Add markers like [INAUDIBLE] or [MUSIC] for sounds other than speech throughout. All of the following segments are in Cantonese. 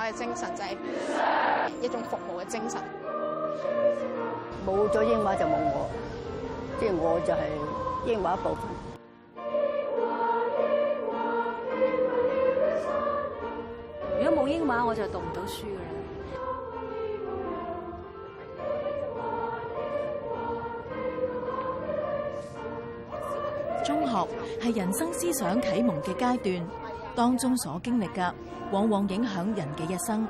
我嘅精神就係一種服務嘅精神，冇咗英華就冇我，即係我就係英華部分。如果冇英華，我就讀唔到書㗎啦。中學係人生思想啟蒙嘅階段。當中所經歷嘅，往往影響人嘅一生。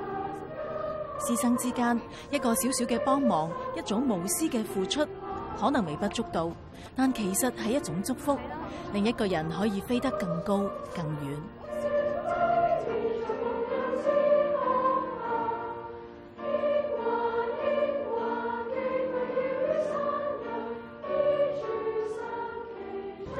師生之間一個小小嘅幫忙，一種無私嘅付出，可能微不足道，但其實係一種祝福，令一個人可以飛得更高更遠。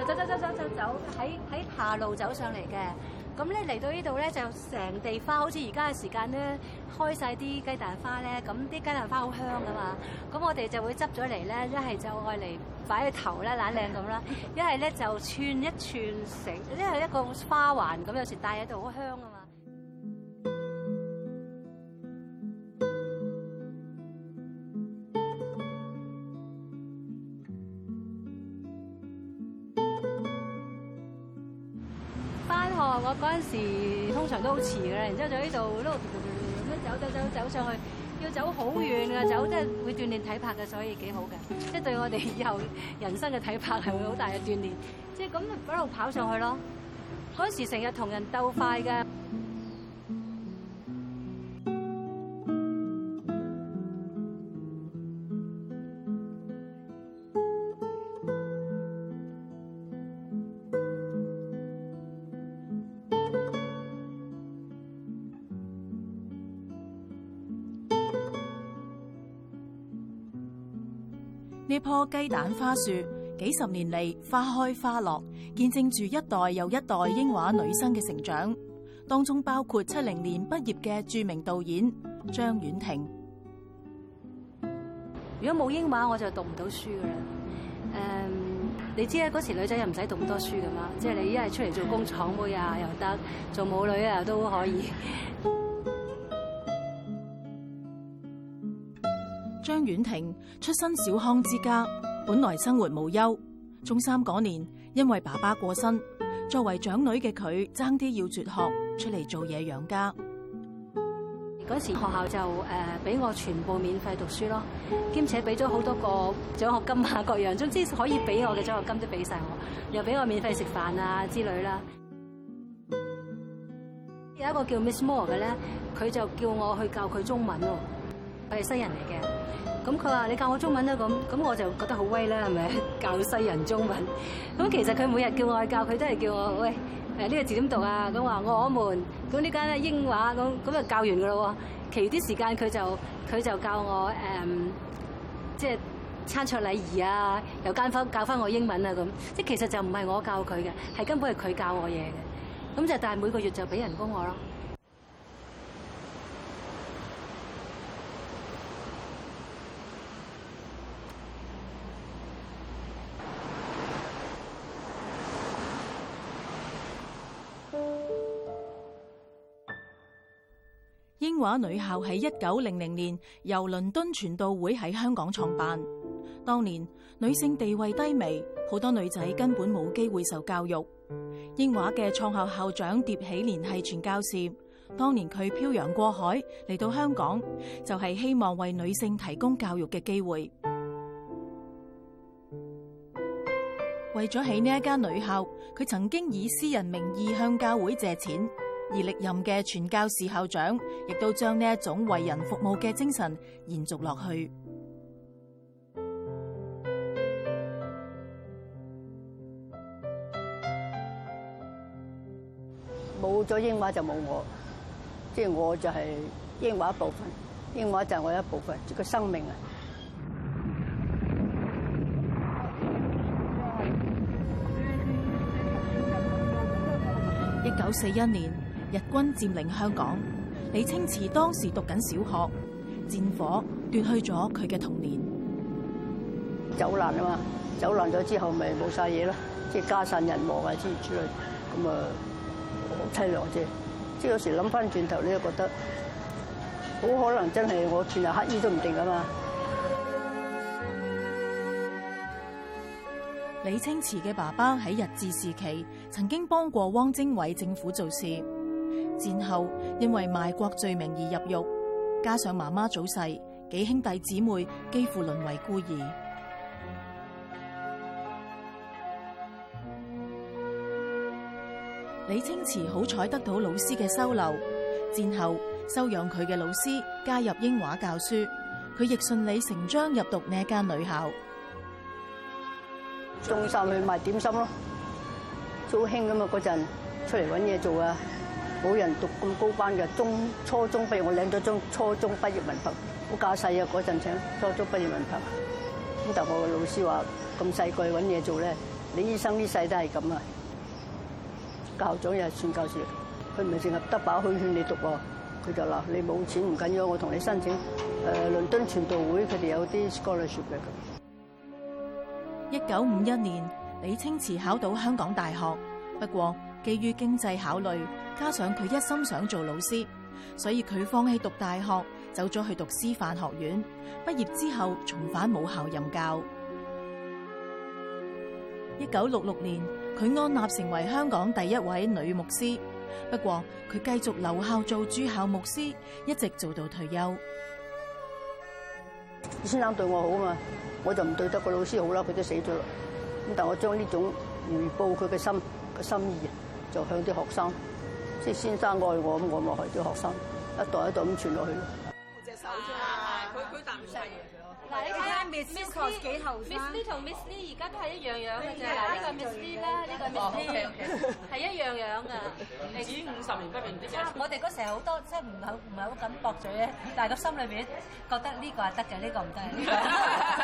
就走走走走走走喺喺下路走上嚟嘅。咁咧嚟到呢度咧，就成地花，好似而家嘅時間咧，開晒啲雞蛋花咧。咁啲雞蛋花好香㗎嘛。咁我哋就會執咗嚟咧，一係就愛嚟擺喺頭啦、懶靚咁啦，一係咧就串一串成，即係一個花環咁。有時戴喺度好香㗎嘛。嗰陣時通常都好遲㗎喇。然之後就呢度碌碌咁走走走走上去，要走好遠啊！走即係會鍛鍊體魄嘅，所以幾好嘅，即 [LAUGHS] 係對我哋以後人生嘅體魄係會好大嘅鍛鍊。即係咁一路跑上去咯。嗰陣時成日同人鬥快㗎。一棵雞蛋花樹，幾十年嚟，花開花落，見證住一代又一代英華女生嘅成長，當中包括七零年畢業嘅著名導演張婉婷。如果冇英華，我就讀唔到書噶啦。誒、um，你知啦，嗰時女仔又唔使讀咁多書噶嘛，即係你一係出嚟做工廠妹啊，又得做舞女啊，都可以。婉婷出身小康之家，本來生活無憂。中三嗰年，因為爸爸過身，作為長女嘅佢，爭啲要輟學出嚟做嘢養家。嗰時學校就誒俾我全部免費讀書咯，兼且俾咗好多個獎學金啊各樣，總之可以俾我嘅獎學金都俾晒我，又俾我免費食飯啊之類啦。有一個叫 Miss Moore 嘅咧，佢就叫我去教佢中文咯，係西人嚟嘅。咁佢話：你教我中文啦、啊，咁，咁我就覺得好威啦，係咪教西人中文？咁其實佢每日叫我去教佢，都係叫我喂誒呢、呃這個字點讀啊！咁話我們，咁呢間英華，咁咁就教完噶咯喎。其餘啲時間佢就佢就教我誒，即、呃、係、就是、餐桌禮儀啊，又間翻教翻我英文啊咁。即係其實就唔係我教佢嘅，係根本係佢教我嘢嘅。咁就是、但係每個月就俾人人工我咯。英華女校喺一九零零年由倫敦傳道會喺香港創辦。當年女性地位低微，好多女仔根本冇機會受教育。英華嘅創校校長狄喜年係傳教士，當年佢漂洋過海嚟到香港，就係、是、希望為女性提供教育嘅機會。為咗喺呢一間女校，佢曾經以私人名義向教會借錢。而歷任嘅傳教士校長，亦都將呢一種為人服務嘅精神延續落去。冇咗英華就冇我，即係我就係英華一部分，英華就係我一部分，個生命啊！一九四一年。日軍佔領香港，李清詞當時讀緊小學，戰火奪去咗佢嘅童年。走難啊嘛，走難咗之後咪冇晒嘢咯，即係家散人亡啊之類，咁啊好淒涼啫。即係有時諗翻轉頭咧，你覺得好可能真係我全日乞衣都唔定啊嘛。李清詞嘅爸爸喺日治時期曾經幫過汪精衛政府做事。戰後因為賣國罪名而入獄，加上媽媽早逝，幾兄弟姊妹幾乎淪為孤兒。李清詞好彩得到老師嘅收留，戰後收養佢嘅老師加入英華教書，佢亦順理成章入讀呢一間女校。中山去賣點心咯，早好興咁嘛！嗰陣出嚟搵嘢做啊！冇人讀咁高班嘅中初中，俾我領咗張初中畢業文憑。我家細啊嗰陣請初中畢業文憑，咁但係我嘅老師話咁細個去揾嘢做咧，你醫生呢世都係咁啊。教長又係算教書，佢唔係淨係得把好勸你讀喎，佢就嗱你冇錢唔緊要，我同你申請誒、呃、倫敦傳道會，佢哋有啲 scholarship 嘅。一九五一年，李清詞考到香港大學，不過基於經濟考慮。加上佢一心想做老師，所以佢放棄讀大學，走咗去讀師範學院。畢業之後，重返母校任教。一九六六年，佢按立成為香港第一位女牧師。不過佢繼續留校做駐校牧師，一直做到退休。先生對我好嘛，我就唔對得個老師好啦。佢都死咗啦，咁但我將呢種回報佢嘅心嘅心意，就向啲學生。即先生愛我咁，我咪係啲學生一代一代咁傳落去咯。隻手啫佢佢抌曬嘢咗。嗱，呢個 Miss Miss 幾後生，Miss Lee 同 Miss Lee 而家都係一樣樣嘅啫。呢個 Miss Lee 啦，呢個 Miss Lee 係一樣樣啊。歷史五十年不唔我哋嗰時好多，即係唔係唔係好敢駁嘴嘅，但係個心裏邊覺得呢個係得嘅，呢個唔得。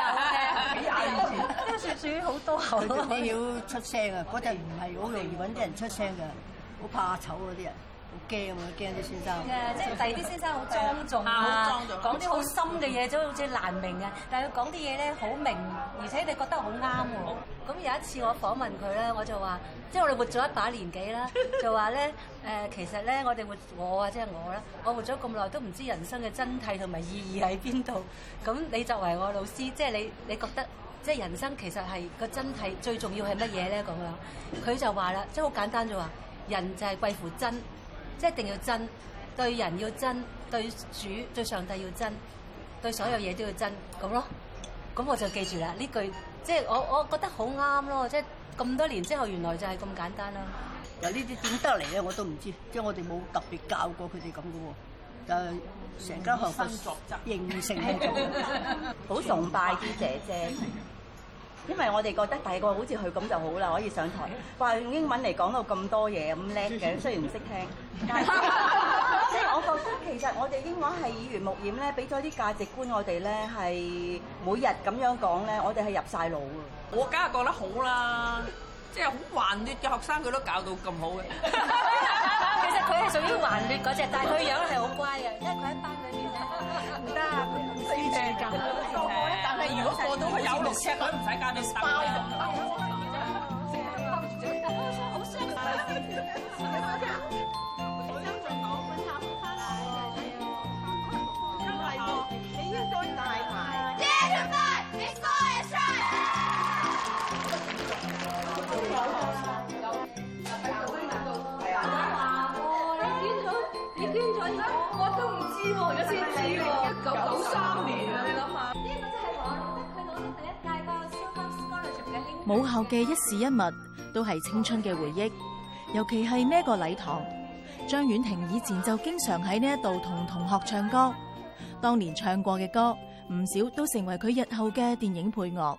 好好嘅，幾拗以屬於好多後生。你要出聲啊！嗰陣唔係好容易揾啲人出聲嘅。好怕醜嗰啲人，好驚啊。驚啲先生。即係第二啲先生好莊重、啊、 [LAUGHS] 好莊重，講啲好深嘅嘢，即好似難明嘅、啊。 [LAUGHS] 但係佢講啲嘢咧好明，而且你覺得好啱喎。咁 [LAUGHS] 有一次我訪問佢咧，我就話，即係我哋活咗一把年紀啦，就話咧、呃、其實咧我哋活我啊，即、就、係、係、我啦，我活咗咁耐都唔知人生嘅真諦同埋意義喺邊度。咁你作為我老師，即係你，你覺得即係人生其實係個真諦最重要係乜嘢咧？咁樣佢就話啦，即係好簡單就話。人就係貴乎真，即係一定要真，對人要真，對主對上帝要真，對所有嘢都要真，咁咯。咁我就記住啦，呢句即係我我覺得好啱咯，即係咁多年之後原來就係咁簡單啦。嗱呢啲點得嚟咧我都唔知，即係我哋冇特別教過佢哋咁嘅喎。誒，成間學校認承去做，好崇拜啲姐姐。 [LAUGHS] 因為我哋覺得大個好似佢咁就好啦，可以上台話用英文嚟講到咁多嘢咁叻嘅，雖然唔識聽，即係我覺得其實我哋英文係耳濡目染咧，俾咗啲價值觀我哋咧係每日咁樣講咧，我哋係入曬腦㗎。我梗係覺得好啦，即係好橫劣嘅學生佢都搞到咁好嘅。其實佢係屬於橫劣嗰隻，但係佢樣係好乖嘅，因為佢喺班裏面咧，唔得唔知正。如果過到去有六尺，佢唔使加啲沙。母校嘅一事一物都係青春嘅回憶，尤其係呢個禮堂，張婉婷以前就經常喺呢一度同同學唱歌。當年唱過嘅歌，唔少都成為佢日後嘅電影配樂。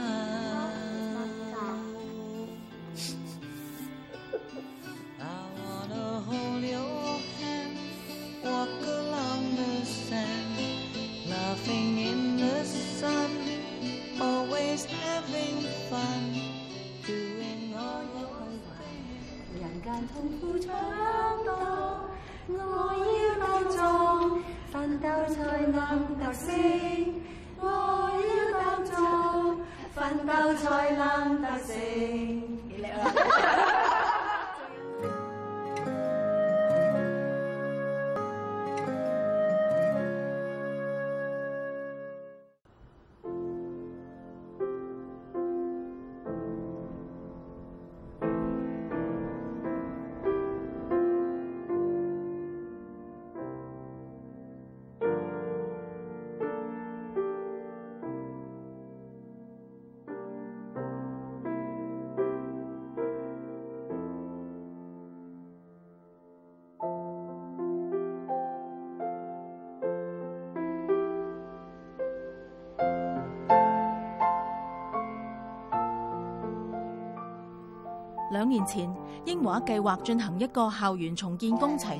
兩年前，英華計劃進行一個校園重建工程。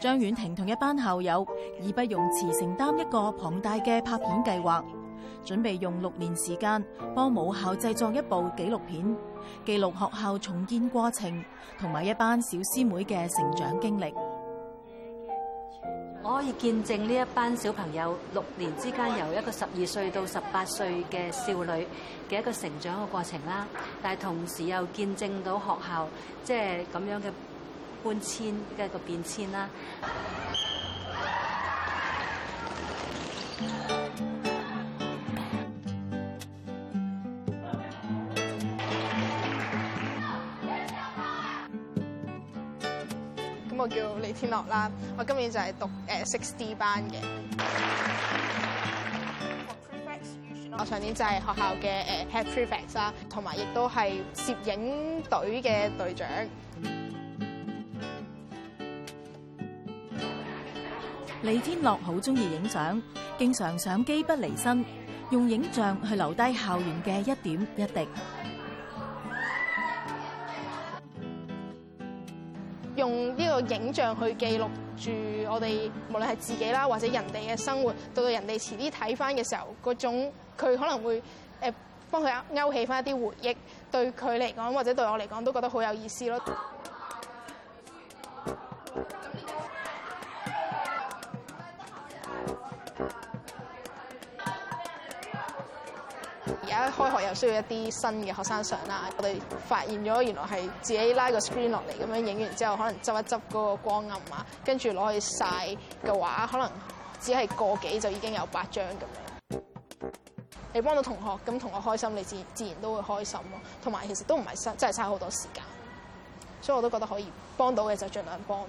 張婉婷同一班校友義不容辭，承擔一個龐大嘅拍片計劃，準備用六年時間幫母校製作一部紀錄片，記錄學校重建過程同埋一班小師妹嘅成長經歷。我可以見證呢一班小朋友六年之間由一個十二歲到十八歲嘅少女嘅一個成長嘅過程啦，但係同時又見證到學校即係咁樣嘅搬遷嘅一個變遷啦。我叫利天諾啦，我今年就係讀誒 six D 班嘅。我上年就係學校嘅誒 head prefect 啦，同埋亦都係攝影隊嘅隊長。利天諾好中意影相，經常相機不離身，用影像去留低校園嘅一點一滴。呢個影像去記錄住我哋，無論係自己啦，或者人哋嘅生活，到到人哋遲啲睇翻嘅時候，嗰種佢可能會誒幫佢勾起翻一啲回憶，對佢嚟講，或者對我嚟講，都覺得好有意思咯。而家開學又需要一啲新嘅學生相啦，我哋發現咗原來係自己拉個 screen 落嚟咁樣影完之後，可能執一執嗰個光暗啊，跟住攞去曬嘅話，可能只係個幾就已經有八張咁樣。你幫到同學，咁同學開心，你自自然都會開心咯。同埋其實都唔係嘥，真係嘥好多時間，所以我都覺得可以幫到嘅就儘量幫。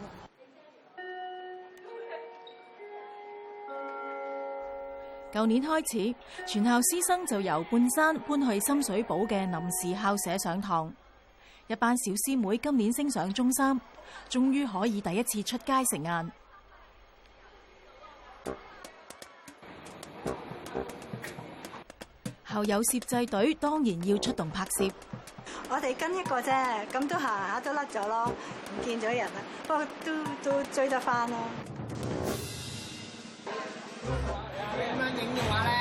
舊年開始，全校師生就由半山搬去深水埗嘅臨時校舍上堂。一班小師妹今年升上中三，終於可以第一次出街食晏。校友攝製隊，當然要出動拍攝。我哋跟一個啫，咁都行下都甩咗咯，唔見咗人喇，不過都都追得翻咯。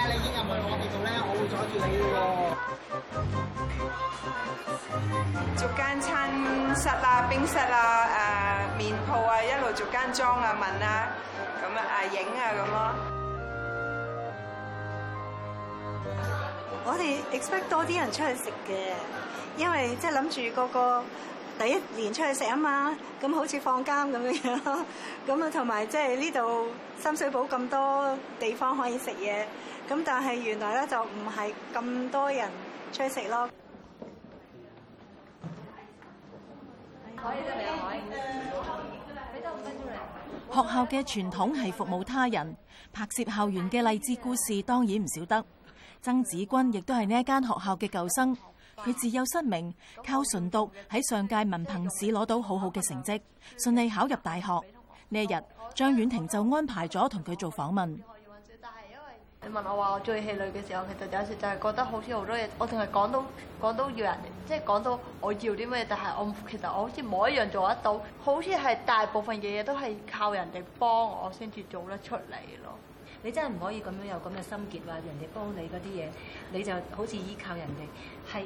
你已經入去我哋度咧，我會阻住你喎。逐間餐室啊、冰室啊、誒麵鋪啊，一路逐間裝啊、問啊，咁啊啊影啊咁咯。我哋 expect 多啲人出去食嘅，因為即係諗住個個。第一年出去食啊嘛，咁好似放監咁樣樣咯，咁啊同埋即係呢度深水埗咁多地方可以食嘢，咁但係原來咧就唔係咁多人出去食咯。學校嘅傳統係服務他人，拍攝校園嘅勵志故事當然唔少得。曾子君亦都係呢一間學校嘅舊生。佢自幼失明，靠唇讀，喺上屆文憑試攞到好好嘅成績，順利考入大學。呢一日，張婉婷就安排咗同佢做訪問。但係因為你問我話我最氣餒嘅時候，我其實有時就係覺得好似好多嘢，我淨係講到講到要人，即係講到我要啲咩，但係我其實我好似冇一樣做得到，好似係大部分嘢嘢都係靠人哋幫我先至做得出嚟咯。你真係唔可以咁樣有咁嘅心結話人哋幫你嗰啲嘢，你就好似依靠人哋，係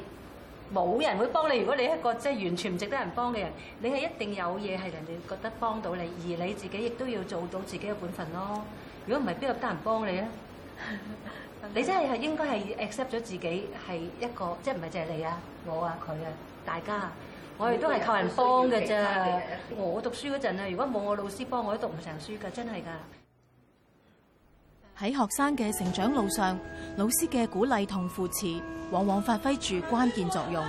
冇人會幫你。如果你一個即係完全唔值得人幫嘅人，你係一定有嘢係人哋覺得幫到你，而你自己亦都要做到自己嘅本分咯。如果唔係，邊有得人幫你啊？ [LAUGHS] 你真係係應該係 accept 咗自己係一個，即係唔係淨係你啊、我啊、佢啊、大家啊，我哋都係靠人幫嘅啫。我讀書嗰陣啊，如果冇我老師幫我，我都讀唔成書㗎，真係㗎。喺學生嘅成長路上，老師嘅鼓勵同扶持，往往發揮住關鍵作用。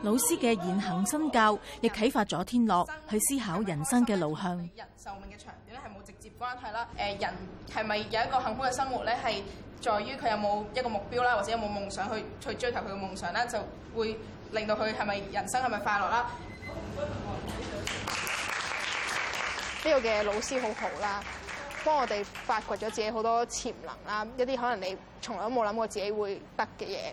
老師嘅言行身教，亦啟發咗天諾去思考人生嘅路向。生是人壽命嘅長短咧，係冇直接關係啦。誒，人係咪有一個幸福嘅生活咧？係在於佢有冇一個目標啦，或者有冇夢想去去追求佢嘅夢想啦，就會令到佢係咪人生係咪快樂啦？ [LAUGHS] 呢個嘅老師好好啦，幫我哋發掘咗自己好多潛能啦，一啲可能你從來都冇諗過自己會得嘅嘢。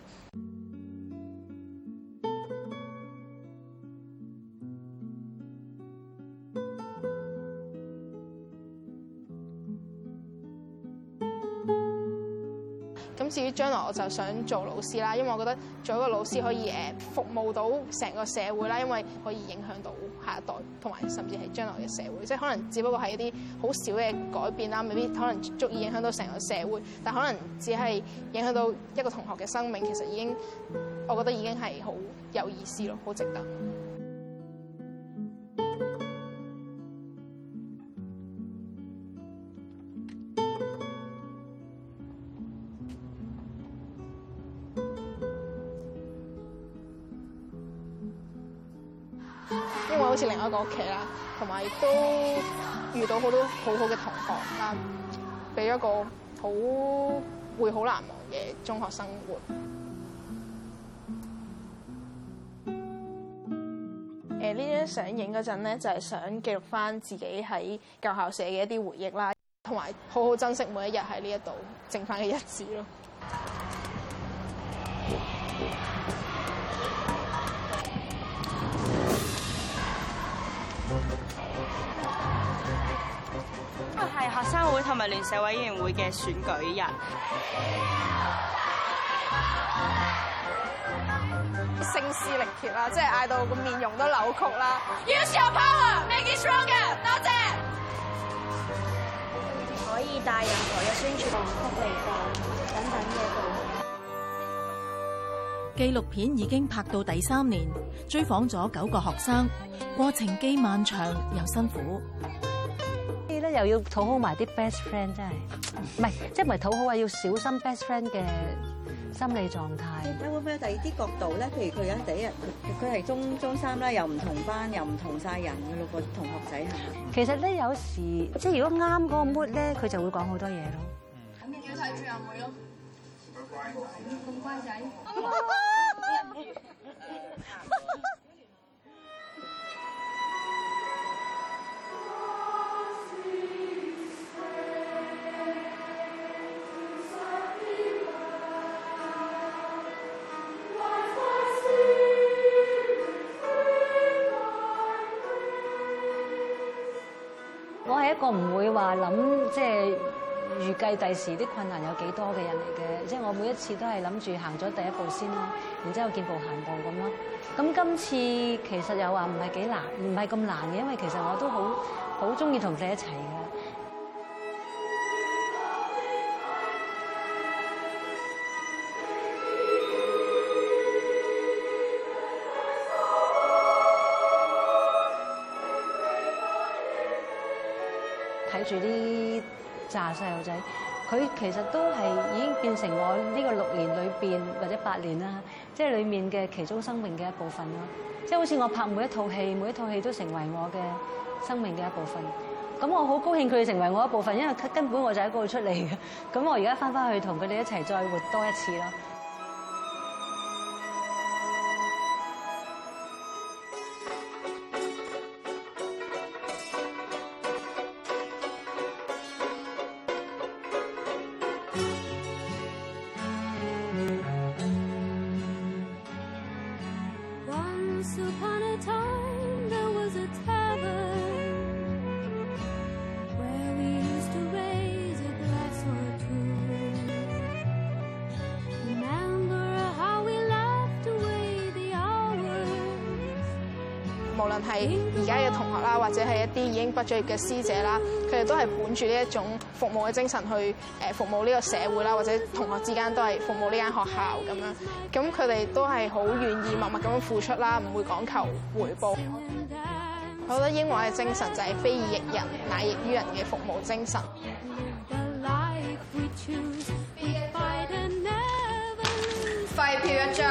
咁至於將來，我就想做老師啦，因為我覺得做一個老師可以誒服務到成個社會啦，因為可以影響到下一代，同埋甚至係將來嘅社會，即係可能只不過係一啲好少嘅改變啦，未必可能足以影響到成個社會，但可能只係影響到一個同學嘅生命，其實已經，我覺得已經係好有意思咯，好值得。好似另外一個屋企啦，同埋亦都遇到好多好好嘅同學啦，俾一個好會好難忘嘅中學生活。誒、嗯、呢、呃、張相影嗰陣咧，就係想記錄翻自己喺舊校舍嘅一啲回憶啦，同埋好好珍惜每一日喺呢一度剩翻嘅日子咯。學生會同埋聯社委員會嘅選舉日，聲嘶力竭啦，即係嗌到個面容都扭曲啦。Use your power, make it stronger。多謝。可以帶任何嘅宣傳物、地方等等嘅道具。紀錄片已經拍到第三年，追訪咗九個學生，過程既漫長又辛苦。又要討好埋啲 best friend，真係唔係，即係唔係討好啊？要小心 best friend 嘅心理狀態。睇會唔會有第二啲角度咧？譬如佢有第一日，佢佢係中中三啦，又唔同班，又唔同晒人嘅六個同學仔嚇。其實咧，有時即係如果啱嗰個 mood 咧，佢就會講好多嘢咯。肯定要睇住阿妹咯。乖乖咁乖仔。個唔會話諗，即係預計第時啲困難有幾多嘅人嚟嘅，即係我每一次都係諗住行咗第一步先咯，然之後見步行步咁咯。咁今次其實又話唔係幾難，唔係咁難嘅，因為其實我都好好中意同你一齊嘅。住啲炸細路仔，佢其實都係已經變成我呢個六年裏面，或者八年啦，即係裡面嘅其中生命嘅一部分咯。即係好似我拍每一套戲，每一套戲都成為我嘅生命嘅一部分。咁我好高興佢哋成為我一部分，因為根本我就喺嗰度出嚟嘅。咁我而家翻返去同佢哋一齊再活多一次咯。係而家嘅同學啦，或者係一啲已經畢咗業嘅師姐啦，佢哋都係本住呢一種服務嘅精神去誒服務呢個社會啦，或者同學之間都係服務呢間學校咁樣，咁佢哋都係好願意默默咁付出啦，唔會講求回報。我覺得英華嘅精神就係非以役人，乃役於人嘅服務精神。廢票一張。